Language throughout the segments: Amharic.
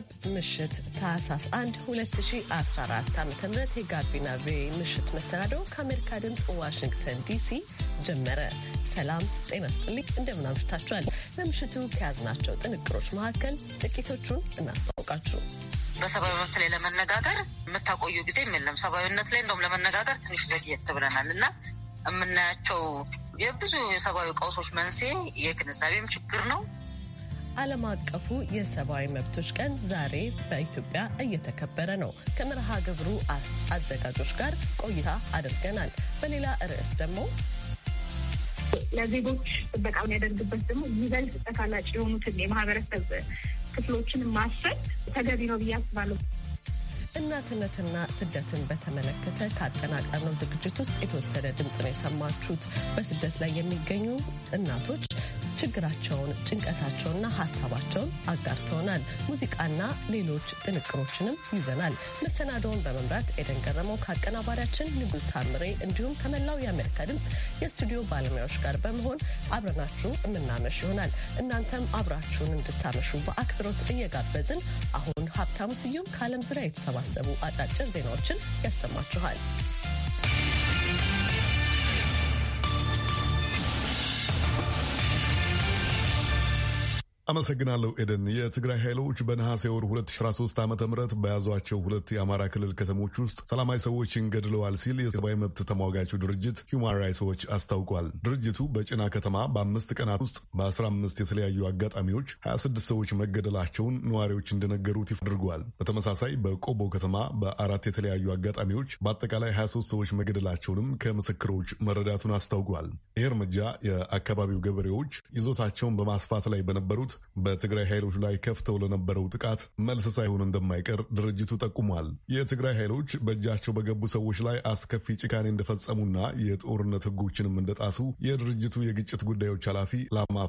አርብ ምሽት ታህሳስ 1 2014 ዓ ም የጋቢና ቪ ምሽት መሰናደው ከአሜሪካ ድምፅ ዋሽንግተን ዲሲ ጀመረ። ሰላም ጤና ስጥልኝ፣ እንደምናምሽታችኋል። ለምሽቱ ከያዝናቸው ጥንቅሮች መካከል ጥቂቶቹን እናስታውቃችሁ። በሰብአዊ መብት ላይ ለመነጋገር የምታቆዩ ጊዜ የለም። ሰብአዊነት ላይ እንደውም ለመነጋገር ትንሽ ዘግየት ብለናል እና የምናያቸው የብዙ የሰብአዊ ቀውሶች መንስኤ የግንዛቤም ችግር ነው ዓለም አቀፉ የሰብአዊ መብቶች ቀን ዛሬ በኢትዮጵያ እየተከበረ ነው። ከመርሃ ግብሩ አዘጋጆች ጋር ቆይታ አድርገናል። በሌላ ርዕስ ደግሞ ለዜጎች ጥበቃ ያደርግበት ደግሞ ይበልጥ ተጋላጭ የሆኑትን የማህበረሰብ ክፍሎችን ማሰብ ተገቢ ነው ብዬ አስባለሁ። እናትነትና ስደትን በተመለከተ ካጠናቀርነው ዝግጅት ውስጥ የተወሰደ ድምፅ ነው የሰማችሁት። በስደት ላይ የሚገኙ እናቶች ችግራቸውን፣ ጭንቀታቸውና ሀሳባቸውን አጋርተውናል። ሙዚቃና ሌሎች ጥንቅሮችንም ይዘናል። መሰናዶውን በመምራት ኤደን ገረመው ከአቀናባሪያችን ንጉስ ታምሬ እንዲሁም ከመላው የአሜሪካ ድምፅ የስቱዲዮ ባለሙያዎች ጋር በመሆን አብረናችሁ የምናመሽ ይሆናል። እናንተም አብራችሁን እንድታመሹ በአክብሮት እየጋበዝን አሁን ሀብታሙ ስዩም ከዓለም ዙሪያ የተሰባሰቡ አጫጭር ዜናዎችን ያሰማችኋል። አመሰግናለሁ ኤደን። የትግራይ ኃይሎች በነሐሴ ወር 2013 ዓ ም በያዟቸው ሁለት የአማራ ክልል ከተሞች ውስጥ ሰላማዊ ሰዎችን ገድለዋል ሲል የሰብአዊ መብት ተሟጋቹ ድርጅት ሂውማን ራይትስ ዎች አስታውቋል። ድርጅቱ በጭና ከተማ በአምስት ቀናት ውስጥ በ15 የተለያዩ አጋጣሚዎች 26 ሰዎች መገደላቸውን ነዋሪዎች እንደነገሩት ይፋ አድርጓል። በተመሳሳይ በቆቦ ከተማ በአራት የተለያዩ አጋጣሚዎች በአጠቃላይ 23 ሰዎች መገደላቸውንም ከምስክሮች መረዳቱን አስታውቋል። ይህ እርምጃ የአካባቢው ገበሬዎች ይዞታቸውን በማስፋት ላይ በነበሩት በትግራይ ኃይሎች ላይ ከፍተው ለነበረው ጥቃት መልስ ሳይሆን እንደማይቀር ድርጅቱ ጠቁሟል። የትግራይ ኃይሎች በእጃቸው በገቡ ሰዎች ላይ አስከፊ ጭካኔ እንደፈጸሙና የጦርነት ሕጎችንም እንደጣሱ የድርጅቱ የግጭት ጉዳዮች ኃላፊ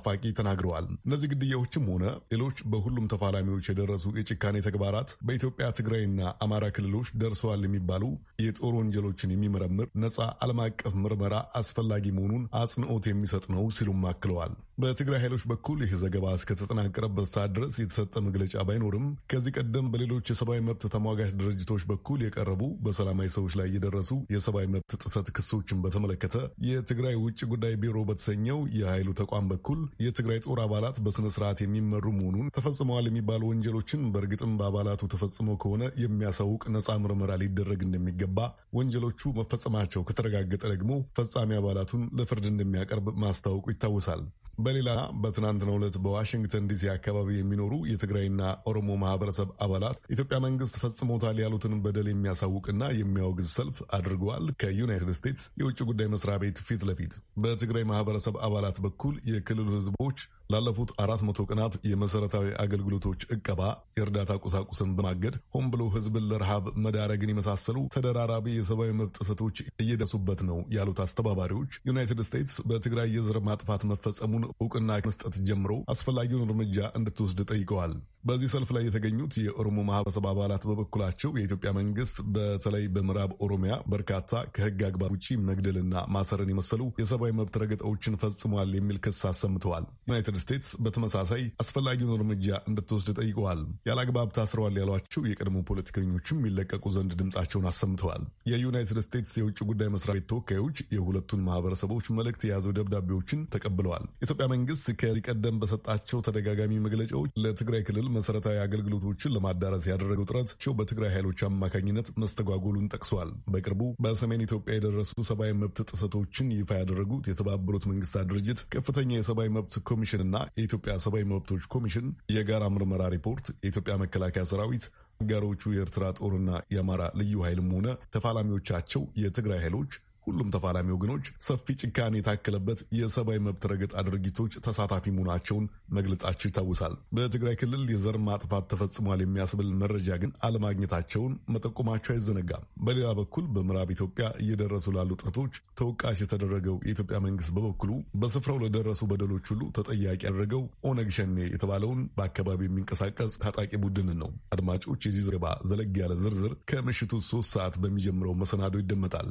ፋቂ ተናግረዋል። እነዚህ ግድያዎችም ሆነ ሌሎች በሁሉም ተፋላሚዎች የደረሱ የጭካኔ ተግባራት በኢትዮጵያ ትግራይና አማራ ክልሎች ደርሰዋል የሚባሉ የጦር ወንጀሎችን የሚመረምር ነጻ ዓለም አቀፍ ምርመራ አስፈላጊ መሆኑን አጽንኦት የሚሰጥ ነው ሲሉም አክለዋል። በትግራይ ኃይሎች በኩል ይህ ዘገባ እስከ እስከተጠናቀረበት ሰዓት ድረስ የተሰጠ መግለጫ ባይኖርም ከዚህ ቀደም በሌሎች የሰብአዊ መብት ተሟጋች ድርጅቶች በኩል የቀረቡ በሰላማዊ ሰዎች ላይ የደረሱ የሰብአዊ መብት ጥሰት ክሶችን በተመለከተ የትግራይ ውጭ ጉዳይ ቢሮ በተሰኘው የኃይሉ ተቋም በኩል የትግራይ ጦር አባላት በስነ ስርዓት የሚመሩ መሆኑን ተፈጽመዋል የሚባሉ ወንጀሎችን በእርግጥም በአባላቱ ተፈጽመው ከሆነ የሚያሳውቅ ነፃ ምርመራ ሊደረግ እንደሚገባ፣ ወንጀሎቹ መፈጸማቸው ከተረጋገጠ ደግሞ ፈጻሚ አባላቱን ለፍርድ እንደሚያቀርብ ማስታወቁ ይታወሳል። በሌላ በትናንትናው ዕለት በዋሽንግተን ዲሲ አካባቢ የሚኖሩ የትግራይና ኦሮሞ ማህበረሰብ አባላት ኢትዮጵያ መንግስት ፈጽሞታል ያሉትን በደል የሚያሳውቅና የሚያወግዝ ሰልፍ አድርገዋል። ከዩናይትድ ስቴትስ የውጭ ጉዳይ መስሪያ ቤት ፊት ለፊት በትግራይ ማህበረሰብ አባላት በኩል የክልሉ ህዝቦች ላለፉት አራት መቶ ቀናት የመሰረታዊ አገልግሎቶች እቀባ የእርዳታ ቁሳቁስን በማገድ ሆን ብሎ ህዝብን ለረሃብ መዳረግን የመሳሰሉ ተደራራቢ የሰብአዊ መብት ጥሰቶች እየደሱበት ነው ያሉት አስተባባሪዎች ዩናይትድ ስቴትስ በትግራይ የዘር ማጥፋት መፈጸሙን እውቅና መስጠት ጀምሮ አስፈላጊውን እርምጃ እንድትወስድ ጠይቀዋል። በዚህ ሰልፍ ላይ የተገኙት የኦሮሞ ማህበረሰብ አባላት በበኩላቸው የኢትዮጵያ መንግስት በተለይ በምዕራብ ኦሮሚያ በርካታ ከህግ አግባር ውጪ መግደልና ማሰርን የመሰሉ የሰብአዊ መብት ረገጣዎችን ፈጽሟል የሚል ክስ አሰምተዋል። ዩናይትድ ስቴትስ በተመሳሳይ አስፈላጊውን እርምጃ እንድትወስድ ጠይቀዋል። ያለአግባብ ታስረዋል ያሏቸው የቀድሞ ፖለቲከኞችም ይለቀቁ ዘንድ ድምፃቸውን አሰምተዋል። የዩናይትድ ስቴትስ የውጭ ጉዳይ መስሪያ ቤት ተወካዮች የሁለቱን ማህበረሰቦች መልእክት የያዙ ደብዳቤዎችን ተቀብለዋል። ኢትዮጵያ መንግስት ከዚህ ቀደም በሰጣቸው ተደጋጋሚ መግለጫዎች ለትግራይ ክልል መሰረታዊ አገልግሎቶችን ለማዳረስ ያደረገው ጥረታቸው በትግራይ ኃይሎች አማካኝነት መስተጓጎሉን ጠቅሰዋል። በቅርቡ በሰሜን ኢትዮጵያ የደረሱ ሰብአዊ መብት ጥሰቶችን ይፋ ያደረጉት የተባበሩት መንግስታት ድርጅት ከፍተኛ የሰብአዊ መብት ኮሚሽን ኮሚሽንና የኢትዮጵያ ሰብአዊ መብቶች ኮሚሽን የጋራ ምርመራ ሪፖርት የኢትዮጵያ መከላከያ ሰራዊት አጋሮቹ የኤርትራ ጦርና የአማራ ልዩ ኃይልም ሆነ ተፋላሚዎቻቸው የትግራይ ኃይሎች ሁሉም ተፋላሚ ወገኖች ሰፊ ጭካኔ የታከለበት የሰብአዊ መብት ረገጣ ድርጊቶች ተሳታፊ መሆናቸውን መግለጻቸው ይታወሳል። በትግራይ ክልል የዘር ማጥፋት ተፈጽሟል የሚያስብል መረጃ ግን አለማግኘታቸውን መጠቆማቸው አይዘነጋም። በሌላ በኩል በምዕራብ ኢትዮጵያ እየደረሱ ላሉ ጥቃቶች ተወቃሽ የተደረገው የኢትዮጵያ መንግስት በበኩሉ በስፍራው ለደረሱ በደሎች ሁሉ ተጠያቂ ያደረገው ኦነግ ሸኔ የተባለውን በአካባቢ የሚንቀሳቀስ ታጣቂ ቡድንን ነው። አድማጮች፣ የዚህ ዘገባ ዘለግ ያለ ዝርዝር ከምሽቱ ሶስት ሰዓት በሚጀምረው መሰናዶ ይደመጣል።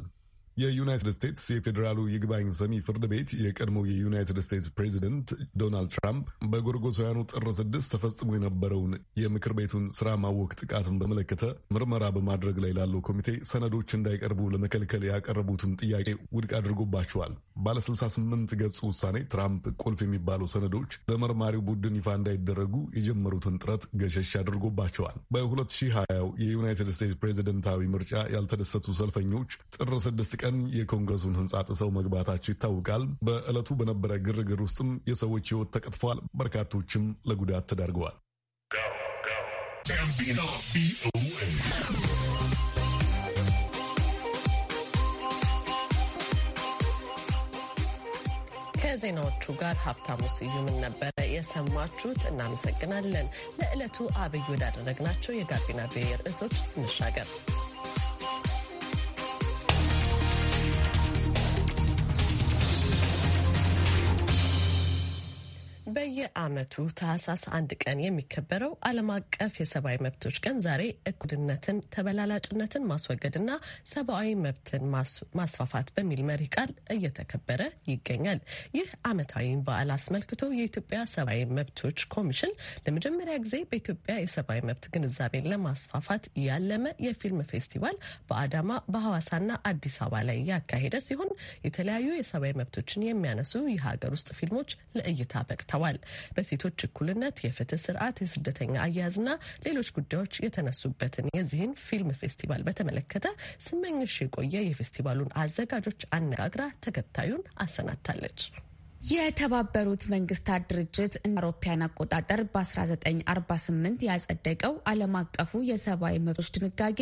የዩናይትድ ስቴትስ የፌዴራሉ ይግባኝ ሰሚ ፍርድ ቤት የቀድሞ የዩናይትድ ስቴትስ ፕሬዚደንት ዶናልድ ትራምፕ በጎርጎሳውያኑ ጥር ስድስት ተፈጽሞ የነበረውን የምክር ቤቱን ስራ ማወክ ጥቃትን በመለከተ ምርመራ በማድረግ ላይ ላለው ኮሚቴ ሰነዶች እንዳይቀርቡ ለመከልከል ያቀረቡትን ጥያቄ ውድቅ አድርጎባቸዋል። ባለ 68 ገጹ ውሳኔ ትራምፕ ቁልፍ የሚባሉ ሰነዶች ለመርማሪው ቡድን ይፋ እንዳይደረጉ የጀመሩትን ጥረት ገሸሽ አድርጎባቸዋል። በ2020 የዩናይትድ ስቴትስ ፕሬዚደንታዊ ምርጫ ያልተደሰቱ ሰልፈኞች ጥር ስድስት ቀን የኮንግረሱን ህንፃ ጥሰው መግባታቸው ይታወቃል። በዕለቱ በነበረ ግርግር ውስጥም የሰዎች ህይወት ተቀጥፏል። በርካቶችም ለጉዳት ተዳርገዋል። ከዜናዎቹ ጋር ሀብታሙ ስዩምን ነበረ የሰማችሁት። እናመሰግናለን። ለዕለቱ አብይ ወዳደረግናቸው የጋቢና ብሔር ርዕሶች እንሻገር። በየዓመቱ ታህሳስ አንድ ቀን የሚከበረው ዓለም አቀፍ የሰብአዊ መብቶች ቀን ዛሬ እኩልነትን፣ ተበላላጭነትን ማስወገድና ሰብአዊ መብትን ማስፋፋት በሚል መሪ ቃል እየተከበረ ይገኛል። ይህ ዓመታዊ በዓል አስመልክቶ የኢትዮጵያ ሰብአዊ መብቶች ኮሚሽን ለመጀመሪያ ጊዜ በኢትዮጵያ የሰብአዊ መብት ግንዛቤን ለማስፋፋት ያለመ የፊልም ፌስቲቫል በአዳማ በሐዋሳና አዲስ አበባ ላይ ያካሄደ ሲሆን የተለያዩ የሰብአዊ መብቶችን የሚያነሱ የሀገር ውስጥ ፊልሞች ለእይታ በቅተዋል። በሴቶች እኩልነት፣ የፍትህ ስርዓት፣ የስደተኛ አያያዝና ሌሎች ጉዳዮች የተነሱበትን የዚህን ፊልም ፌስቲቫል በተመለከተ ስመኝሽ የቆየ የፌስቲቫሉን አዘጋጆች አነጋግራ ተከታዩን አሰናድታለች። የተባበሩት መንግስታት ድርጅት እንደ አውሮፓውያን አቆጣጠር በ1948 ያጸደቀው ዓለም አቀፉ የሰብአዊ መብቶች ድንጋጌ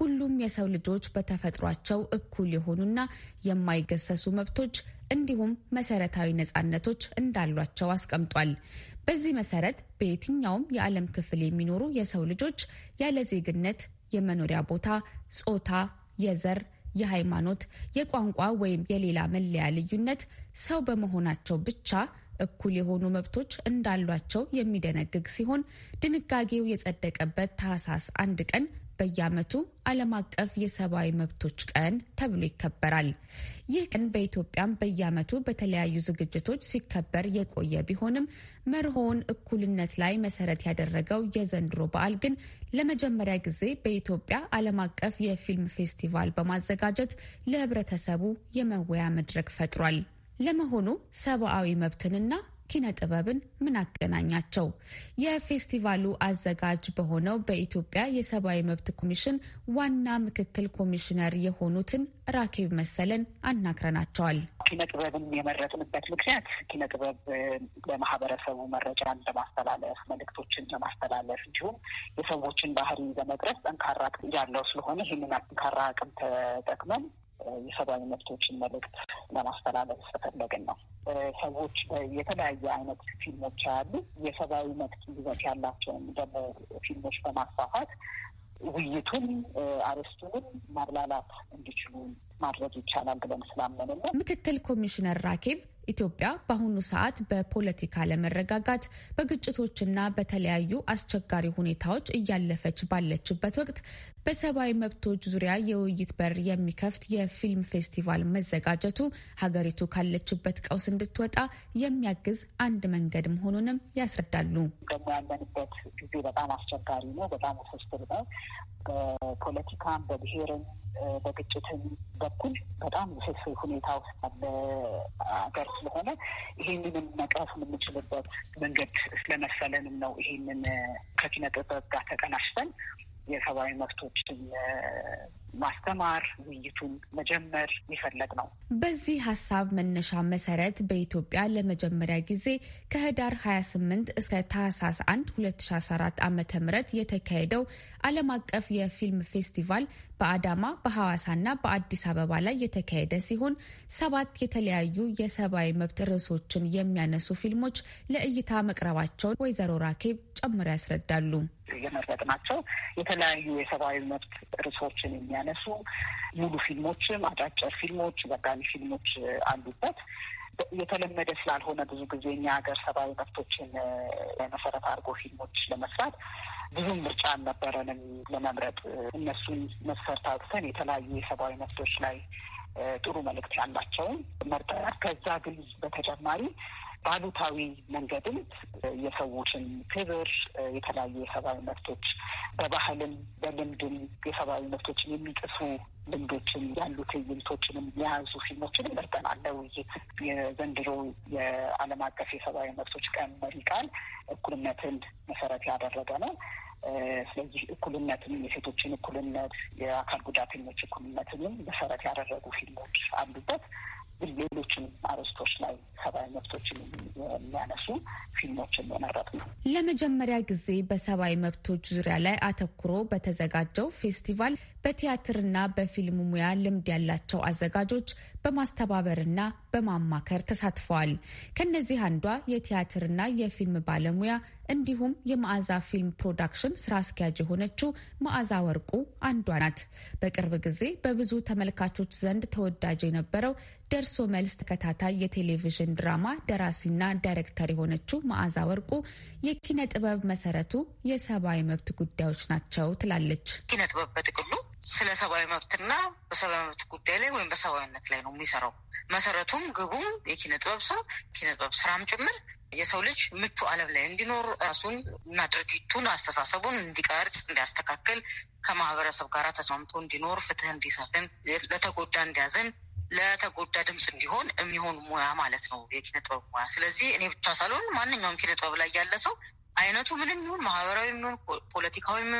ሁሉም የሰው ልጆች በተፈጥሯቸው እኩል የሆኑና የማይገሰሱ መብቶች እንዲሁም መሰረታዊ ነጻነቶች እንዳሏቸው አስቀምጧል። በዚህ መሰረት በየትኛውም የዓለም ክፍል የሚኖሩ የሰው ልጆች ያለ ዜግነት፣ የመኖሪያ ቦታ፣ ጾታ፣ የዘር፣ የሃይማኖት፣ የቋንቋ ወይም የሌላ መለያ ልዩነት ሰው በመሆናቸው ብቻ እኩል የሆኑ መብቶች እንዳሏቸው የሚደነግግ ሲሆን ድንጋጌው የጸደቀበት ታህሳስ አንድ ቀን በየዓመቱ ዓለም አቀፍ የሰብአዊ መብቶች ቀን ተብሎ ይከበራል። ይህ ቀን በኢትዮጵያም በየዓመቱ በተለያዩ ዝግጅቶች ሲከበር የቆየ ቢሆንም መርሆውን እኩልነት ላይ መሰረት ያደረገው የዘንድሮ በዓል ግን ለመጀመሪያ ጊዜ በኢትዮጵያ ዓለም አቀፍ የፊልም ፌስቲቫል በማዘጋጀት ለህብረተሰቡ የመወያ መድረክ ፈጥሯል። ለመሆኑ ሰብአዊ መብትንና ኪነ ጥበብን ምን አገናኛቸው? የፌስቲቫሉ አዘጋጅ በሆነው በኢትዮጵያ የሰብአዊ መብት ኮሚሽን ዋና ምክትል ኮሚሽነር የሆኑትን ራኬብ መሰለን አናግረናቸዋል። ኪነ ጥበብን የመረጥንበት ምክንያት ኪነ ጥበብ ለማህበረሰቡ መረጃን ለማስተላለፍ፣ መልእክቶችን ለማስተላለፍ እንዲሁም የሰዎችን ባህሪ ለመቅረጽ ጠንካራ ያለው ስለሆነ ይህንን ጠንካራ አቅም ተጠቅመን የሰብአዊ መብቶችን መልእክት ለማስተላለፍ ስለፈለግን ነው። ሰዎች የተለያየ አይነት ፊልሞች ያሉ የሰብአዊ መብት ይዘት ያላቸውን ደግሞ ፊልሞች በማስፋፋት ውይይቱን አርዕስቱንም ማብላላት እንዲችሉ ማድረግ ይቻላል ብለን ስላመንና ምክትል ኮሚሽነር ራኬብ ኢትዮጵያ በአሁኑ ሰዓት በፖለቲካ ለመረጋጋት በግጭቶችና በተለያዩ አስቸጋሪ ሁኔታዎች እያለፈች ባለችበት ወቅት በሰብአዊ መብቶች ዙሪያ የውይይት በር የሚከፍት የፊልም ፌስቲቫል መዘጋጀቱ ሀገሪቱ ካለችበት ቀውስ እንድትወጣ የሚያግዝ አንድ መንገድ መሆኑንም ያስረዳሉ። ደግሞ ያለንበት ጊዜ በጣም አስቸጋሪ ነው። በጣም ውስብስብ ነው። በፖለቲካም በብሔርም በግጭትም በኩል በጣም ውስብስብ ሁኔታ ውስጥ ያለ ሀገር ስለሆነ ይሄንንም መቅረፍ የምንችልበት መንገድ ስለመሰለንም ነው ይሄንን ከኪነ ጥበብ ጋር ተቀናሽተን የሰብአዊ መብቶችን ማስተማር፣ ውይይቱን መጀመር ይፈለግ ነው። በዚህ ሀሳብ መነሻ መሰረት በኢትዮጵያ ለመጀመሪያ ጊዜ ከህዳር 28 እስከ ታህሳስ 1 2014 ዓ ም የተካሄደው ዓለም አቀፍ የፊልም ፌስቲቫል በአዳማ በሐዋሳና በአዲስ አበባ ላይ የተካሄደ ሲሆን ሰባት የተለያዩ የሰብአዊ መብት ርዕሶችን የሚያነሱ ፊልሞች ለእይታ መቅረባቸውን ወይዘሮ ራኬብ ጨምረው ያስረዳሉ። የመረጥናቸው የተለያዩ የሰብአዊ መብት ርዕሶችን የሚያነሱ ሙሉ ፊልሞችም፣ አጫጭር ፊልሞች፣ ዘጋቢ ፊልሞች አሉበት። የተለመደ ስላልሆነ ብዙ ጊዜ እኛ ሀገር ሰብአዊ መብቶችን መሰረት አድርጎ ፊልሞች ለመስራት ብዙም ምርጫ አልነበረንም ለመምረጥ። እነሱን መስፈርት አውጥተን የተለያዩ የሰብአዊ መብቶች ላይ ጥሩ መልእክት ያላቸውን መርጠናል። ከዛ ግን በተጨማሪ ባሉታዊ መንገድም የሰዎችን ክብር፣ የተለያዩ የሰብአዊ መብቶች በባህልም በልምድም የሰብአዊ መብቶችን የሚጥሱ ልምዶችን ያሉ ትዕይንቶችንም የያዙ ፊልሞችን መርጠናል ለውይይት። የዘንድሮ የዓለም አቀፍ የሰብአዊ መብቶች ቀን መሪ ቃል እኩልነትን መሰረት ያደረገ ነው። ስለዚህ እኩልነትን፣ የሴቶችን እኩልነት፣ የአካል ጉዳተኞች እኩልነትንም መሰረት ያደረጉ ፊልሞች አሉበት። ሌሎችም አርዕስቶች ላይ ሰብአዊ መብቶችን የሚያነሱ ፊልሞችን የመረጥ ነው። ለመጀመሪያ ጊዜ በሰብአዊ መብቶች ዙሪያ ላይ አተኩሮ በተዘጋጀው ፌስቲቫል በቲያትርና በፊልም ሙያ ልምድ ያላቸው አዘጋጆች በማስተባበርና በማማከር ተሳትፈዋል። ከነዚህ አንዷ የቲያትርና የፊልም ባለሙያ እንዲሁም የመዓዛ ፊልም ፕሮዳክሽን ስራ አስኪያጅ የሆነችው መዓዛ ወርቁ አንዷ ናት። በቅርብ ጊዜ በብዙ ተመልካቾች ዘንድ ተወዳጅ የነበረው ደርሶ መልስ ተከታታይ የቴሌቪዥን ድራማ ደራሲና ዳይሬክተር የሆነችው መዓዛ ወርቁ የኪነ ጥበብ መሰረቱ የሰብአዊ መብት ጉዳዮች ናቸው ትላለች። ኪነ ጥበብ በጥቅሉ ስለ ሰብአዊ መብትና በሰብአዊ መብት ጉዳይ ላይ ወይም በሰብአዊነት ላይ ነው የሚሰራው። መሰረቱም ግቡም የኪነ ጥበብ ሰው ኪነ ጥበብ ስራም ጭምር የሰው ልጅ ምቹ ዓለም ላይ እንዲኖር ራሱን እና ድርጊቱን አስተሳሰቡን እንዲቀርጽ እንዲያስተካክል፣ ከማህበረሰብ ጋር ተስማምቶ እንዲኖር፣ ፍትህ እንዲሰፍን፣ ለተጎዳ እንዲያዝን፣ ለተጎዳ ድምፅ እንዲሆን የሚሆን ሙያ ማለት ነው የኪነ ጥበብ ሙያ። ስለዚህ እኔ ብቻ ሳልሆን ማንኛውም ኪነ ጥበብ ላይ ያለ ሰው አይነቱ ምንም ይሁን ማህበራዊ ይሁን ፖለቲካዊ ይሁን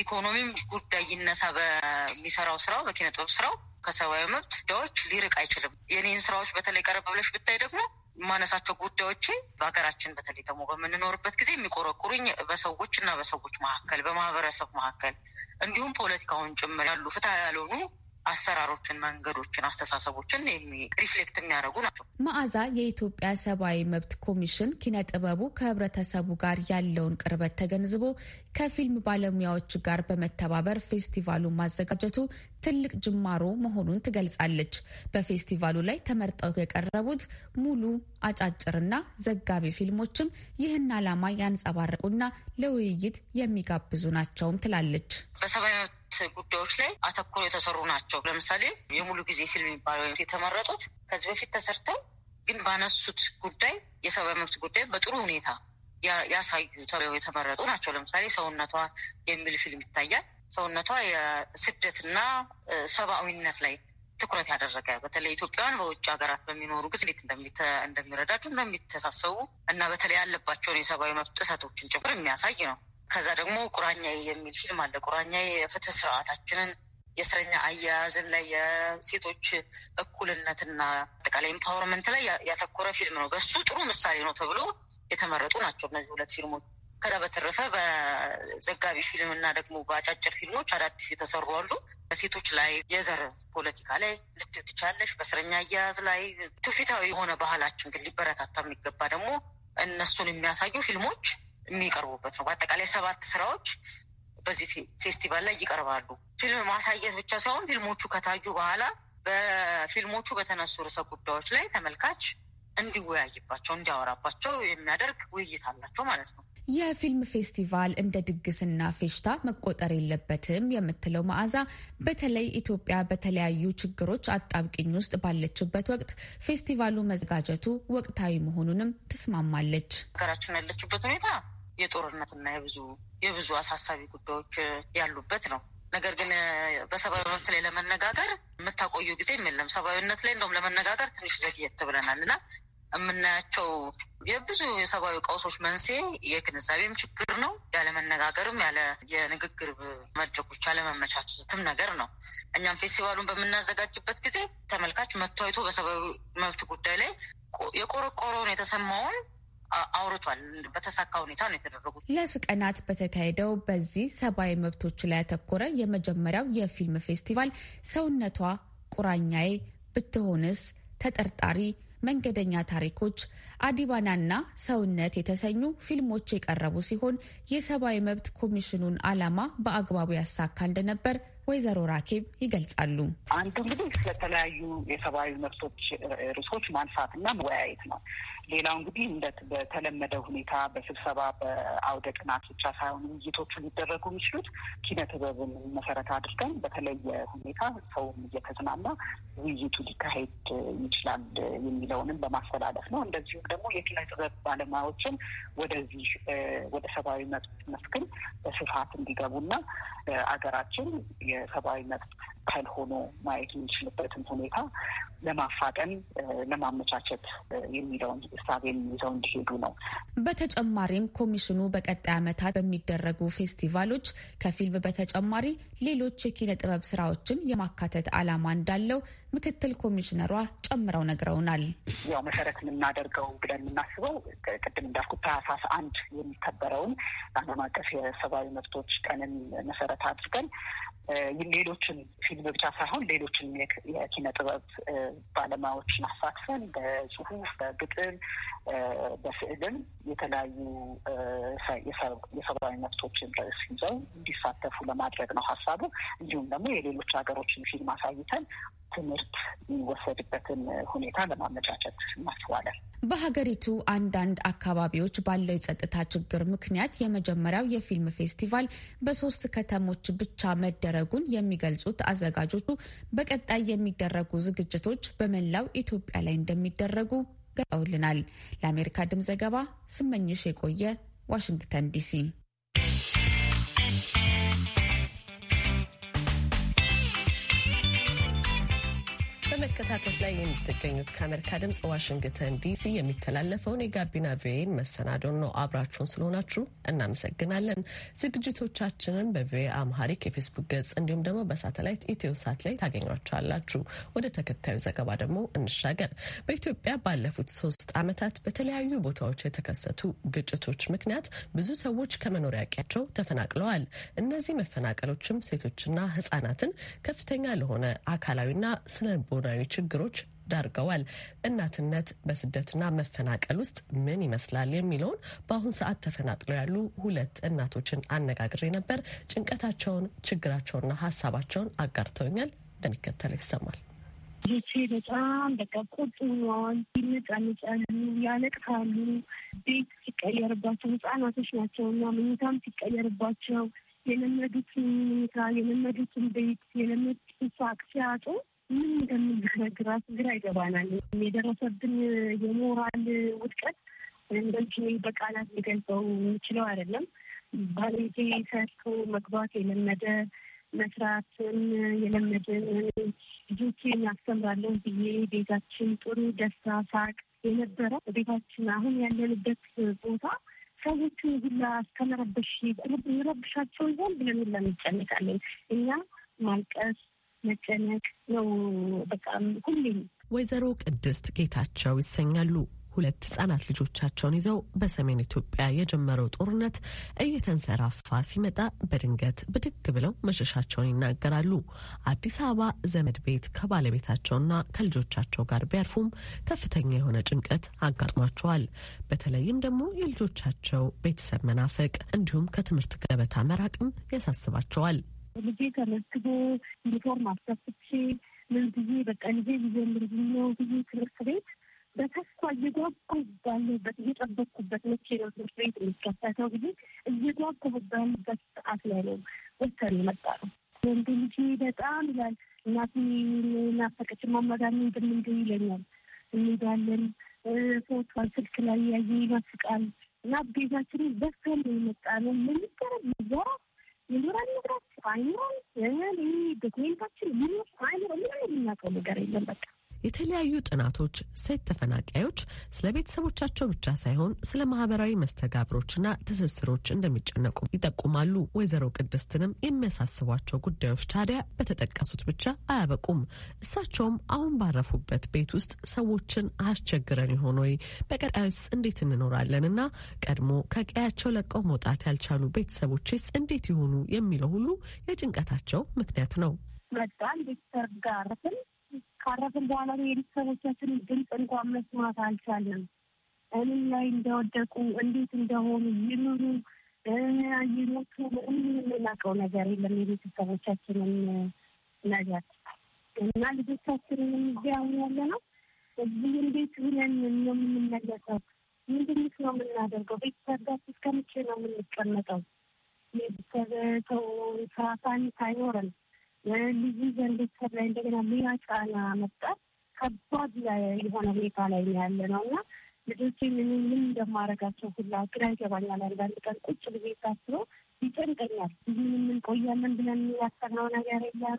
ኢኮኖሚም ጉዳይ ይነሳ በሚሰራው ስራው በኪነ ጥበብ ስራው ከሰብአዊ መብት ጉዳዮች ሊርቅ አይችልም። የኔን ስራዎች በተለይ ቀረብ ብለሽ ብታይ ደግሞ የማነሳቸው ጉዳዮች በሀገራችን በተለይ ደግሞ በምንኖርበት ጊዜ የሚቆረቁሩኝ በሰዎች እና በሰዎች መካከል በማህበረሰብ መካከል እንዲሁም ፖለቲካውን ጭምር ያሉ ፍትሀ ያልሆኑ አሰራሮችን፣ መንገዶችን፣ አስተሳሰቦችን ሪፍሌክት የሚያደርጉ ናቸው። መዓዛ የኢትዮጵያ ሰብአዊ መብት ኮሚሽን ኪነ ጥበቡ ከህብረተሰቡ ጋር ያለውን ቅርበት ተገንዝቦ ከፊልም ባለሙያዎች ጋር በመተባበር ፌስቲቫሉን ማዘጋጀቱ ትልቅ ጅማሮ መሆኑን ትገልጻለች። በፌስቲቫሉ ላይ ተመርጠው የቀረቡት ሙሉ አጫጭርና ዘጋቢ ፊልሞችም ይህን ዓላማ ያንጸባረቁና ለውይይት የሚጋብዙ ናቸውም ትላለች። ጉዳዮች ላይ አተኮሮ የተሰሩ ናቸው። ለምሳሌ የሙሉ ጊዜ ፊልም የሚባለው የተመረጡት ከዚህ በፊት ተሰርተው ግን ባነሱት ጉዳይ የሰብአዊ መብት ጉዳይ በጥሩ ሁኔታ ያሳዩ ተብለው የተመረጡ ናቸው። ለምሳሌ ሰውነቷ የሚል ፊልም ይታያል። ሰውነቷ የስደትና ሰብአዊነት ላይ ትኩረት ያደረገ በተለይ ኢትዮጵያውያን በውጭ ሀገራት በሚኖሩ ጊዜ እንዴት እንደሚረዳዱ እንደሚተሳሰቡ እና በተለይ ያለባቸውን የሰብአዊ መብት ጥሰቶችን ጭምር የሚያሳይ ነው። ከዛ ደግሞ ቁራኛዬ የሚል ፊልም አለ። ቁራኛዬ የፍትህ ስርዓታችንን የእስረኛ አያያዝን ላይ የሴቶች እኩልነትና አጠቃላይ ኢምፓወርመንት ላይ ያተኮረ ፊልም ነው። በሱ ጥሩ ምሳሌ ነው ተብሎ የተመረጡ ናቸው እነዚህ ሁለት ፊልሞች። ከዛ በተረፈ በዘጋቢ ፊልም እና ደግሞ በአጫጭር ፊልሞች አዳዲስ የተሰሩ አሉ። በሴቶች ላይ የዘር ፖለቲካ ላይ ልት ትቻለሽ በእስረኛ አያያዝ ላይ ትውፊታዊ የሆነ ባህላችን ግን ሊበረታታ የሚገባ ደግሞ እነሱን የሚያሳዩ ፊልሞች የሚቀርቡበት ነው። በአጠቃላይ ሰባት ስራዎች በዚህ ፌስቲቫል ላይ ይቀርባሉ። ፊልም ማሳየት ብቻ ሳይሆን ፊልሞቹ ከታዩ በኋላ በፊልሞቹ በተነሱ ርዕሰ ጉዳዮች ላይ ተመልካች እንዲወያይባቸው እንዲያወራባቸው የሚያደርግ ውይይት አላቸው ማለት ነው። የፊልም ፌስቲቫል እንደ ድግስና ፌሽታ መቆጠር የለበትም የምትለው መዓዛ፣ በተለይ ኢትዮጵያ በተለያዩ ችግሮች አጣብቂኝ ውስጥ ባለችበት ወቅት ፌስቲቫሉ መዘጋጀቱ ወቅታዊ መሆኑንም ትስማማለች። ሀገራችን ያለችበት ሁኔታ የጦርነትና የብዙ የብዙ አሳሳቢ ጉዳዮች ያሉበት ነው። ነገር ግን በሰብአዊ መብት ላይ ለመነጋገር የምታቆዩ ጊዜ የለም። ሰብአዊነት ላይ እንደውም ለመነጋገር ትንሽ ዘግየት ብለናል እና የምናያቸው የብዙ የሰብአዊ ቀውሶች መንስኤ የግንዛቤም ችግር ነው። ያለመነጋገርም ያለ የንግግር መድረኮች ያለመመቻቸትም ነገር ነው። እኛም ፌስቲቫሉን በምናዘጋጅበት ጊዜ ተመልካች መቶ አይቶ በሰብአዊ መብት ጉዳይ ላይ የቆረቆረውን የተሰማውን አውርቷል። በተሳካ ሁኔታ ነው የተደረጉት። ቀናት በተካሄደው በዚህ ሰብአዊ መብቶች ላይ ያተኮረ የመጀመሪያው የፊልም ፌስቲቫል ሰውነቷ ቁራኛዬ ብትሆንስ፣ ተጠርጣሪ፣ መንገደኛ ታሪኮች፣ አዲባናና ሰውነት የተሰኙ ፊልሞች የቀረቡ ሲሆን የሰብአዊ መብት ኮሚሽኑን ዓላማ በአግባቡ ያሳካ እንደነበር ወይዘሮ ራኬብ ይገልጻሉ። አንዱ እንግዲህ ስለተለያዩ የሰብአዊ መብቶች ርዕሶች ማንሳትና መወያየት ነው። ሌላው እንግዲህ እንደ በተለመደ ሁኔታ በስብሰባ በአውደ ጥናት ብቻ ሳይሆን ውይይቶቹ ሊደረጉ የሚችሉት ኪነ ጥበብን መሰረት አድርገን በተለየ ሁኔታ ሰውም እየተዝናና ውይይቱ ሊካሄድ ይችላል የሚለውንም በማስተላለፍ ነው። እንደዚሁም ደግሞ የኪነ ጥበብ ባለሙያዎችን ወደዚህ ወደ ሰብአዊ መብት መስክን በስፋት እንዲገቡና አገራችን የሰብአዊ መብት ከል ሆኖ ማየት የሚችልበትን ሁኔታ ለማፋጠን ለማመቻቸት የሚለውን እሳቤን ይዘው እንዲሄዱ ነው። በተጨማሪም ኮሚሽኑ በቀጣይ ዓመታት በሚደረጉ ፌስቲቫሎች ከፊልም በተጨማሪ ሌሎች የኪነ ጥበብ ስራዎችን የማካተት ዓላማ እንዳለው ምክትል ኮሚሽነሯ ጨምረው ነግረውናል። ያው መሰረት የምናደርገው ብለን የምናስበው ቅድም እንዳልኩት ታህሳስ አንድ የሚከበረውን ዓለም አቀፍ የሰብአዊ መብቶች ቀንን መሰረት አድርገን ሌሎችን ፊልም ብቻ ሳይሆን ሌሎችን የኪነ ጥበብ ባለሙያዎችን አሳትፈን በጽሁፍ፣ በግጥም፣ በስዕልም የተለያዩ የሰብአዊ መብቶችን ርዕስ ይዘው እንዲሳተፉ ለማድረግ ነው ሀሳቡ። እንዲሁም ደግሞ የሌሎች ሀገሮችን ፊልም አሳይተን ትምህርት የሚወሰድበትን ሁኔታ ለማመቻቸት እናስባለን። በሀገሪቱ አንዳንድ አካባቢዎች ባለው የጸጥታ ችግር ምክንያት የመጀመሪያው የፊልም ፌስቲቫል በሶስት ከተሞች ብቻ መደረጉን የሚገልጹት አዘጋጆቹ በቀጣይ የሚደረጉ ዝግጅቶች በመላው ኢትዮጵያ ላይ እንደሚደረጉ ገልጸውልናል። ለአሜሪካ ድምፅ ዘገባ ስመኝሽ የቆየ ዋሽንግተን ዲሲ። በመከታተል ላይ የምትገኙት ከአሜሪካ ድምጽ ዋሽንግተን ዲሲ የሚተላለፈውን የጋቢና ቪኦኤን መሰናዶን ነው። አብራችሁን ስለሆናችሁ እናመሰግናለን። ዝግጅቶቻችንን በቪኦኤ አምሃሪክ የፌስቡክ ገጽ እንዲሁም ደግሞ በሳተላይት ኢትዮ ሳት ላይ ታገኟቸዋላችሁ። ወደ ተከታዩ ዘገባ ደግሞ እንሻገር። በኢትዮጵያ ባለፉት ሶስት ዓመታት በተለያዩ ቦታዎች የተከሰቱ ግጭቶች ምክንያት ብዙ ሰዎች ከመኖሪያ ቀያቸው ተፈናቅለዋል። እነዚህ መፈናቀሎችም ሴቶችና ህጻናትን ከፍተኛ ለሆነ አካላዊና ስነ ማህበራዊ ችግሮች ዳርገዋል። እናትነት በስደትና መፈናቀል ውስጥ ምን ይመስላል የሚለውን በአሁን ሰዓት ተፈናቅለው ያሉ ሁለት እናቶችን አነጋግሬ ነበር። ጭንቀታቸውን፣ ችግራቸውንና ሀሳባቸውን አጋርተውኛል። እንደሚከተለው ይሰማል። ልጆቼ በጣም በቃ ቁጡ ሆነዋል። ይነጫነጫሉ፣ ያለቅታሉ። ቤት ሲቀየርባቸው ህጻናቶች ናቸው እና መኝታም ሲቀየርባቸው የለመዱትን መኝታ የለመዱትን ቤት የለመዱትን ሳቅ ሲያጡ ምን እንደምናደርግ ግራ ይገባናል። የደረሰብን የሞራል ውድቀት እንደዚህ በቃላት ሊገልጸው ችለው አይደለም። ባለቤቴ ሰርቶ መግባት የለመደ መስራትን የለመደ ልጆቼ እናስተምራለሁ ብዬ ቤታችን ጥሩ ደስታ፣ ሳቅ የነበረ ቤታችን አሁን ያለንበት ቦታ ሰዎቹን ሁላ እስከመረበሽ ረብሻቸው ይሆን ብለን ሁላ እንጨነቃለን። እኛ ማልቀስ መጨነቅ ነው። በጣም ሁሌም ወይዘሮ ቅድስት ጌታቸው ይሰኛሉ። ሁለት ህጻናት ልጆቻቸውን ይዘው በሰሜን ኢትዮጵያ የጀመረው ጦርነት እየተንሰራፋ ሲመጣ በድንገት ብድግ ብለው መሸሻቸውን ይናገራሉ። አዲስ አበባ ዘመድ ቤት ከባለቤታቸውና ከልጆቻቸው ጋር ቢያርፉም ከፍተኛ የሆነ ጭንቀት አጋጥሟቸዋል። በተለይም ደግሞ የልጆቻቸው ቤተሰብ መናፈቅ እንዲሁም ከትምህርት ገበታ መራቅም ያሳስባቸዋል። ልጄ ተመዝግቦ ዩኒፎርም አስከፍቼ ምን ብዬ በቃ ልጄ ሊጀምር ነው ብዬ ትምህርት ቤት በተስፋ እየጓጓሁ ባለበት እየጠበኩበት መቼ ነው ትምህርት ቤት የሚከፈተው ጊዜ እየጓጓሁ ባለበት ሰዓት ላይ ነው ወተን የመጣ ነው። ወንድ ልጄ በጣም ይላል እናት ናፈቀች ማማጋሚ እንደምንገ ይለኛል። እንሄዳለን ፎቷን ስልክ ላይ ያየ ይመስቃል እና ቤዛችን በሰል የመጣ ነው የምንጠረ ዛ የኖራል ነግራች አይኖርም። ይህ ዶክሜንታችን ምንም አይኖርም። ምንም የምናውቀው ነገር የለም በቃ የተለያዩ ጥናቶች ሴት ተፈናቃዮች ስለ ቤተሰቦቻቸው ብቻ ሳይሆን ስለ ማህበራዊ መስተጋብሮችና ትስስሮች እንደሚጨነቁ ይጠቁማሉ። ወይዘሮ ቅድስትንም የሚያሳስቧቸው ጉዳዮች ታዲያ በተጠቀሱት ብቻ አያበቁም። እሳቸውም አሁን ባረፉበት ቤት ውስጥ ሰዎችን አስቸግረን ይሆን ወይ፣ በቀጣዩስ እንዴት እንኖራለን እና ቀድሞ ከቀያቸው ለቀው መውጣት ያልቻሉ ቤተሰቦችስ እንዴት ይሆኑ የሚለው ሁሉ የጭንቀታቸው ምክንያት ነው። መጣን ቤተሰብ ጋር ካረፍን በኋላ የቤተሰቦቻችንን ድምፅ እንኳን መስማት አልቻለም። እምን ላይ እንደወደቁ እንዴት እንደሆኑ ይኑሩ ይሞቱ የምናውቀው ነገር የለም። የቤተሰቦቻችንን ነገር እና ልጆቻችንን የሚያው ያለ ነው። እዚህ እንዴት ሁነን ነው የምንመለሰው? ምንድንስ ነው የምናደርገው? ቤተሰብ ጋር እስከ መቼ ነው የምንቀመጠው? የቤተሰብ ሰው ሳሳኒ ሳይኖረን ልዩ ዘንዶተር ላይ እንደገና ሌላ ጫና መፍጠር ከባድ የሆነ ሁኔታ ላይ ያለ ነው እና ልጆቼ ምን ምን እንደማደርጋቸው ሁላ ግራ ይገባኛል። አንዳንድ ቀን ቁጭ ብዬ ሳስበው ይጨንቀኛል። ብዙ የምንቆያለን ብለን ያሰብነው ነገር የለም።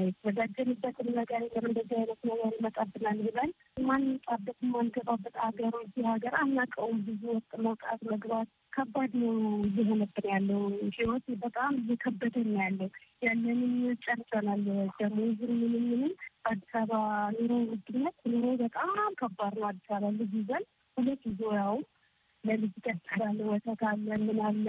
የተዘገንበትም ነገር የለም። እንደዚህ አይነት ነገር ይመጣብናል ብለን ማንጣበት ማንገባበት ሀገሮች ሀገር አናውቀውም። ብዙ ወጥ መውጣት መግባት ከባድ ነው እየሆነብን ያለው ህይወት በጣም እየከበደን ያለው ያለንን ጨርሰናል። ደሞዝ ምንም ምንም አዲስ አበባ ኑሮ ውድነት ኑሮ በጣም ከባድ ነው። አዲስ አበባ ልጅ ይዘን ሁለት ዞያው ለልጅ ገጠራለ ወተት አለ ምን አለ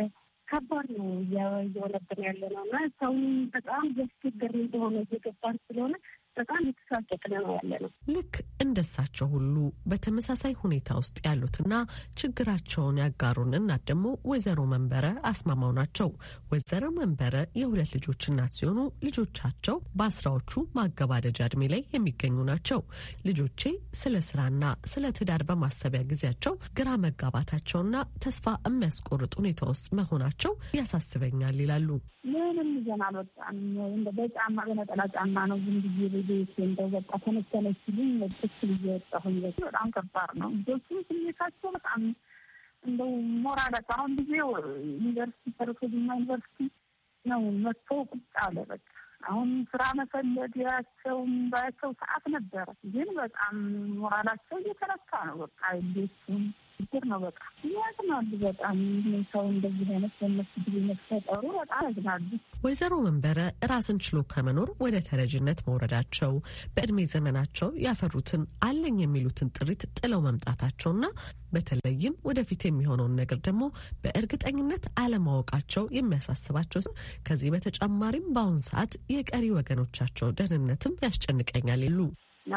ከባድ ነው እየሆነብን ያለ ነው እና ሰውን በጣም ያስቸገር እንደሆነ እየገባን ስለሆነ በጣም የተሳቀቅን ነው ያለ ነው። ልክ እንደሳቸው ሁሉ በተመሳሳይ ሁኔታ ውስጥ ያሉትና ችግራቸውን ያጋሩን እናት ደግሞ ወይዘሮ መንበረ አስማማው ናቸው። ወይዘሮ መንበረ የሁለት ልጆች እናት ሲሆኑ ልጆቻቸው በአስራዎቹ ማገባደጃ እድሜ ላይ የሚገኙ ናቸው። ልጆቼ ስለ ስራና ስለ ትዳር በማሰቢያ ጊዜያቸው ግራ መጋባታቸውና ተስፋ የሚያስቆርጥ ሁኔታ ውስጥ መሆናቸው ያሳስበኛል ይላሉ። ምንም ይዘን አልወጣም። በጫማ በነጠላ ጫማ ነው ዝም ብዬ ቤት እንደው በቃ ተነስተነች ሲሉኝ እየወጣሁኝ በ በጣም ከባድ ነው። ልጆቹም ስሜታቸው በጣም እንደው ሞራል አሁን ጊዜው ዩኒቨርሲቲ ተርፎ ጅማ ዩኒቨርሲቲ ነው ቁጭ አለ በቃ አሁን ስራ ባያቸው ሰዓት ነበረ፣ ግን በጣም ሞራላቸው እየተረካ ነው በቃ ልጆቹም ችግር ነው። በቃ ያዝናሉ። በጣም ሰው እንደዚህ አይነት በመስግድነት ፈጠሩ በጣም ያዝናሉ። ወይዘሮ መንበረ ራስን ችሎ ከመኖር ወደ ተረጅነት መውረዳቸው በእድሜ ዘመናቸው ያፈሩትን አለኝ የሚሉትን ጥሪት ጥለው መምጣታቸውና በተለይም ወደፊት የሚሆነውን ነገር ደግሞ በእርግጠኝነት አለማወቃቸው የሚያሳስባቸው ሲሆን ከዚህ በተጨማሪም በአሁን ሰዓት የቀሪ ወገኖቻቸው ደህንነትም ያስጨንቀኛል ይሉ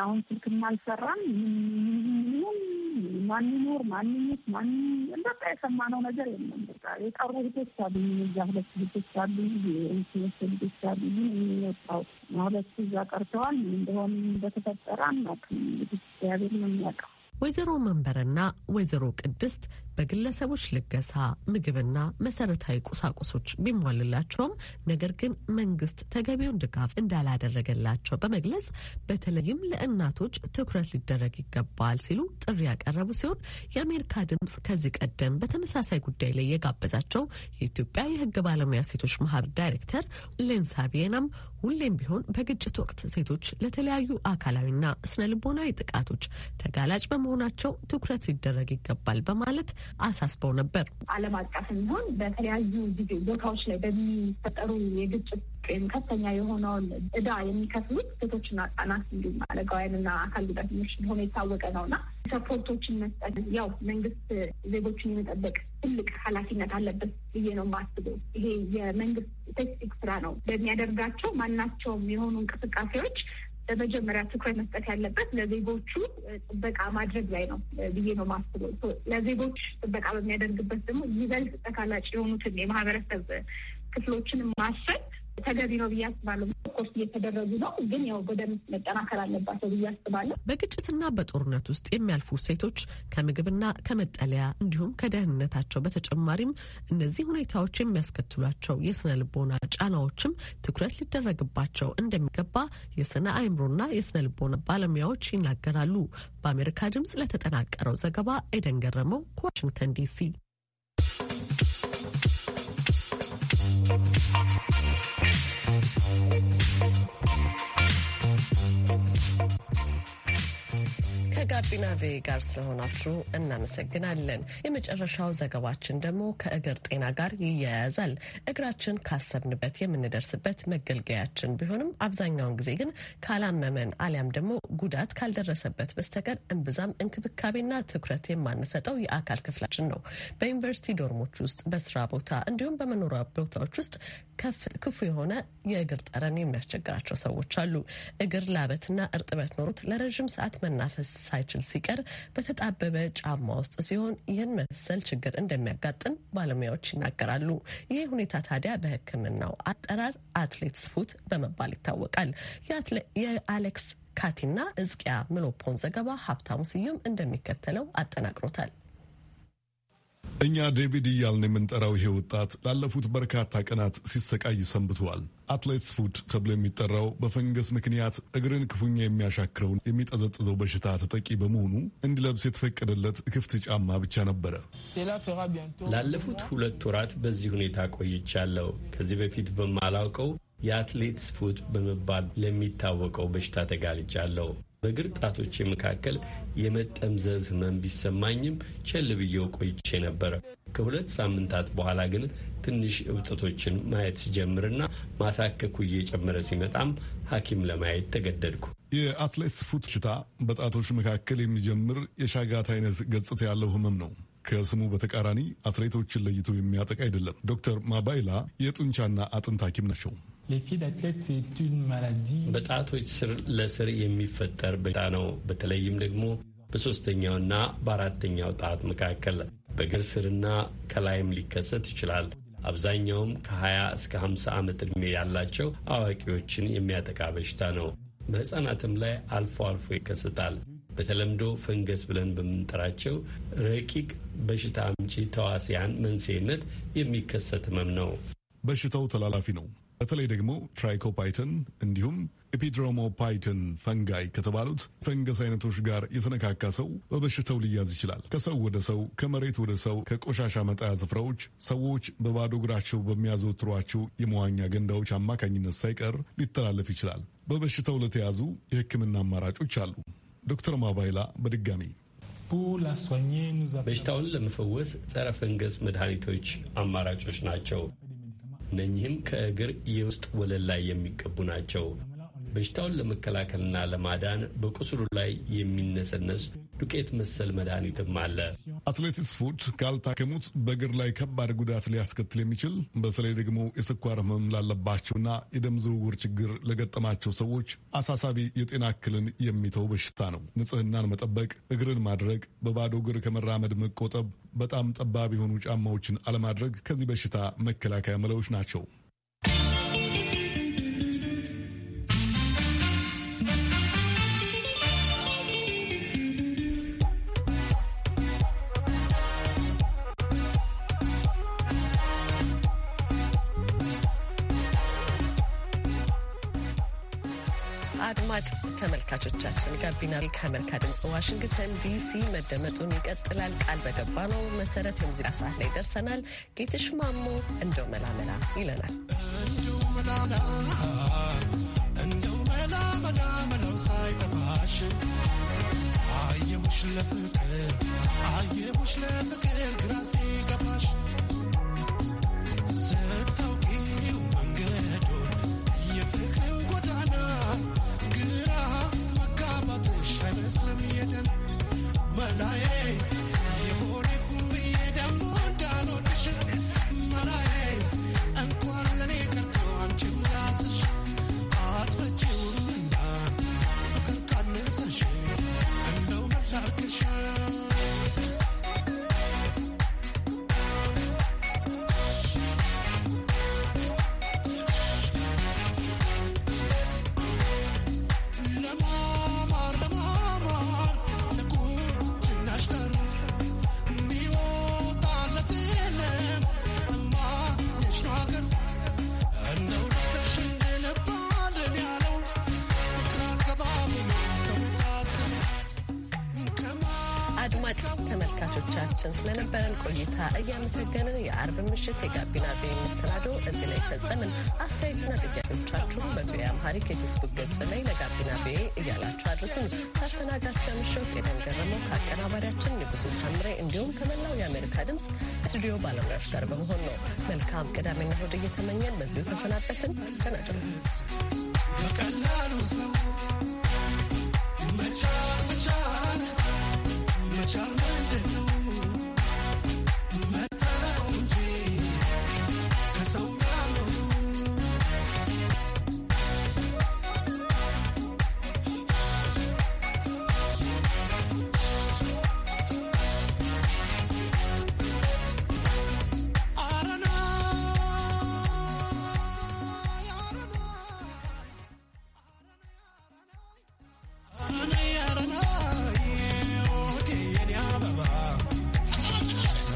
አሁን ስልክም አልሰራም። ምንም ማን ይኖር ማን ይት ማን በቃ የሰማነው ነገር የለም። በቃ የቀሩ እህቶች አሉ፣ እዛ ሁለት ልጆች አሉ፣ ሁለት ልጆች አሉ። ግን የሚወጣው ሁለቱ እዛ ቀርተዋል። እንደሆን እንደተፈጠረ አናውቅም። እንግዲህ እግዚአብሔር ነው የሚያውቀው። ወይዘሮ መንበረና ወይዘሮ ቅድስት በግለሰቦች ልገሳ ምግብና መሰረታዊ ቁሳቁሶች ቢሟልላቸውም ነገር ግን መንግስት ተገቢውን ድጋፍ እንዳላደረገላቸው በመግለጽ በተለይም ለእናቶች ትኩረት ሊደረግ ይገባል ሲሉ ጥሪ ያቀረቡ ሲሆን የአሜሪካ ድምፅ ከዚህ ቀደም በተመሳሳይ ጉዳይ ላይ የጋበዛቸው የኢትዮጵያ የሕግ ባለሙያ ሴቶች ማህበር ዳይሬክተር ሌንሳ ቢየናም ሁሌም ቢሆን በግጭት ወቅት ሴቶች ለተለያዩ አካላዊና ስነ ልቦናዊ ጥቃቶች ተጋላጭ በመሆናቸው ትኩረት ሊደረግ ይገባል በማለት አሳስበው ነበር። ዓለም አቀፍ የሚሆን በተለያዩ ጊዜ ቦታዎች ላይ በሚፈጠሩ የግጭት ወይም ከፍተኛ የሆነውን እዳ የሚከፍሉት ሴቶችና ህጻናት እንዲሁም አረጋውያንና አካል ጉዳተኞች እንደሆነ የታወቀ ነው እና ሰፖርቶችን መስጠት ያው መንግስት ዜጎችን የመጠበቅ ትልቅ ኃላፊነት አለበት ብዬ ነው የማስበው። ይሄ የመንግስት ቴክቲክ ስራ ነው። በሚያደርጋቸው ማናቸውም የሆኑ እንቅስቃሴዎች በመጀመሪያ ትኩረት መስጠት ያለበት ለዜጎቹ ጥበቃ ማድረግ ላይ ነው ብዬ ነው የማስበው። ለዜጎች ጥበቃ በሚያደርግበት ደግሞ ይበልጥ ተጋላጭ የሆኑትን የማህበረሰብ ክፍሎችን ማሰብ ተገቢ ነው ብዬ አስባለሁ። ኮርስ እየተደረጉ ነው፣ ግን ያው በደንብ መጠናከር አለባቸው ብዬ አስባለሁ። በግጭትና በጦርነት ውስጥ የሚያልፉ ሴቶች ከምግብና ከመጠለያ እንዲሁም ከደህንነታቸው በተጨማሪም እነዚህ ሁኔታዎች የሚያስከትሏቸው የስነ ልቦና ጫናዎችም ትኩረት ሊደረግባቸው እንደሚገባ የስነ አእምሮና የስነ ልቦና ባለሙያዎች ይናገራሉ። በአሜሪካ ድምጽ ለተጠናቀረው ዘገባ ኤደን ገረመው ከዋሽንግተን ዲሲ ከጋቢና ቬ ጋር ስለሆናችሁ እናመሰግናለን። የመጨረሻው ዘገባችን ደግሞ ከእግር ጤና ጋር ይያያዛል። እግራችን ካሰብንበት የምንደርስበት መገልገያችን ቢሆንም አብዛኛውን ጊዜ ግን ካላመመን አሊያም ደግሞ ጉዳት ካልደረሰበት በስተቀር እምብዛም እንክብካቤና ትኩረት የማንሰጠው የአካል ክፍላችን ነው። በዩኒቨርሲቲ ዶርሞች ውስጥ፣ በስራ ቦታ እንዲሁም በመኖሪያ ቦታዎች ውስጥ ክፉ የሆነ የእግር ጠረን የሚያስቸግራቸው ሰዎች አሉ። እግር ላበትና እርጥበት ኖሮት ለረዥም ሰዓት መናፈስ ሳይ ሳይችል ሲቀር በተጣበበ ጫማ ውስጥ ሲሆን ይህን መሰል ችግር እንደሚያጋጥም ባለሙያዎች ይናገራሉ። ይህ ሁኔታ ታዲያ በሕክምናው አጠራር አትሌትስ ፉት በመባል ይታወቃል። የአሌክስ ካቲና እዝቅያ ምሎፖን ዘገባ ሀብታሙ ስዩም እንደሚከተለው አጠናቅሮታል። እኛ ዴቪድ እያልን የምንጠራው ይሄ ወጣት ላለፉት በርካታ ቀናት ሲሰቃይ ሰንብተዋል። አትሌትስ ፉድ ተብሎ የሚጠራው በፈንገስ ምክንያት እግርን ክፉኛ የሚያሻክረውን የሚጠዘጥዘው በሽታ ተጠቂ በመሆኑ እንዲለብስ የተፈቀደለት ክፍት ጫማ ብቻ ነበረ። ላለፉት ሁለት ወራት በዚህ ሁኔታ ቆይቻለሁ። ከዚህ በፊት በማላውቀው የአትሌትስ ፉድ በመባል ለሚታወቀው በሽታ ተጋልጫለሁ። በእግር ጣቶች መካከል የመጠምዘዝ ህመም ቢሰማኝም ቸል ብዬው ቆይቼ ነበረ። ከሁለት ሳምንታት በኋላ ግን ትንሽ እብጠቶችን ማየት ሲጀምርና ማሳከኩ እየጨመረ ሲመጣም ሐኪም ለማየት ተገደድኩ። የአትሌት ፉት ሽታ በጣቶች መካከል የሚጀምር የሻጋት አይነት ገጽታ ያለው ህመም ነው። ከስሙ በተቃራኒ አትሌቶችን ለይቶ የሚያጠቅ አይደለም። ዶክተር ማባይላ የጡንቻና አጥንት ሐኪም ናቸው። በጣቶች ስር ለስር የሚፈጠር በሽታ ነው። በተለይም ደግሞ በሶስተኛውና በአራተኛው ጣት መካከል በእግር ስርና ከላይም ሊከሰት ይችላል። አብዛኛውም ከ20 እስከ 50 ዓመት ዕድሜ ያላቸው አዋቂዎችን የሚያጠቃ በሽታ ነው። በሕፃናትም ላይ አልፎ አልፎ ይከሰታል። በተለምዶ ፈንገስ ብለን በምንጠራቸው ረቂቅ በሽታ አምጪ ተዋሲያን መንስኤነት የሚከሰት ህመም ነው። በሽታው ተላላፊ ነው። በተለይ ደግሞ ትራይኮፓይተን እንዲሁም ኤፒድሮሞፓይተን ፈንጋይ ከተባሉት ፈንገስ አይነቶች ጋር የተነካካ ሰው በበሽታው ሊያዝ ይችላል። ከሰው ወደ ሰው፣ ከመሬት ወደ ሰው፣ ከቆሻሻ መጣያ ስፍራዎች፣ ሰዎች በባዶ እግራቸው በሚያዘወትሯቸው የመዋኛ ገንዳዎች አማካኝነት ሳይቀር ሊተላለፍ ይችላል። በበሽታው ለተያዙ የሕክምና አማራጮች አሉ። ዶክተር ማባይላ በድጋሚ በሽታውን ለመፈወስ ጸረ ፈንገስ መድኃኒቶች አማራጮች ናቸው። እነኚህም ከእግር የውስጥ ወለል ላይ የሚቀቡ ናቸው። በሽታውን ለመከላከልና ለማዳን በቁስሉ ላይ የሚነሰነስ ዱቄት መሰል መድኃኒትም አለ። አትሌቲክስ ፉድ ካልታከሙት በእግር ላይ ከባድ ጉዳት ሊያስከትል የሚችል በተለይ ደግሞ የስኳር ህመም ላለባቸውና የደም ዝውውር ችግር ለገጠማቸው ሰዎች አሳሳቢ የጤና እክልን የሚተው በሽታ ነው። ንጽህናን መጠበቅ፣ እግርን ማድረግ፣ በባዶ እግር ከመራመድ መቆጠብ፣ በጣም ጠባብ የሆኑ ጫማዎችን አለማድረግ ከዚህ በሽታ መከላከያ መለዎች ናቸው። ምሽት ተመልካቾቻችን ጋቢና ከአሜሪካ ድምፅ ዋሽንግተን ዲሲ መደመጡን ይቀጥላል። ቃል በገባ ነው መሰረት የሙዚቃ ሰዓት ላይ ደርሰናል። ጌትሽ ማሞ እንደው መላመላ ይለናል። እንደው መላመላመላው ሳይጠፋሽ ለፍቅር ለፍቅር ግራሴ የአርብ ምሽት የጋቢና ቤ መሰናዶ እዚህ ላይ ፈጸምን። አስተያየትና ጥያቄዎቻችሁን በቪ አምሃሪክ የፌስቡክ ገጽ ላይ ለጋቢና ቤ እያላችሁ አድርሱን። ሳስተናጋችሁ ምሽት ጤናን ገረመው ከአቀናባሪያችን ንጉሱ ታምሬ እንዲሁም ከመላው የአሜሪካ ድምፅ ስቱዲዮ ባለሙያዎች ጋር በመሆን ነው። መልካም ቅዳሜና እሑድ እየተመኘን በዚሁ ተሰናበትን። ተናድሩ በቀላሉ ሰው መቻ መቻ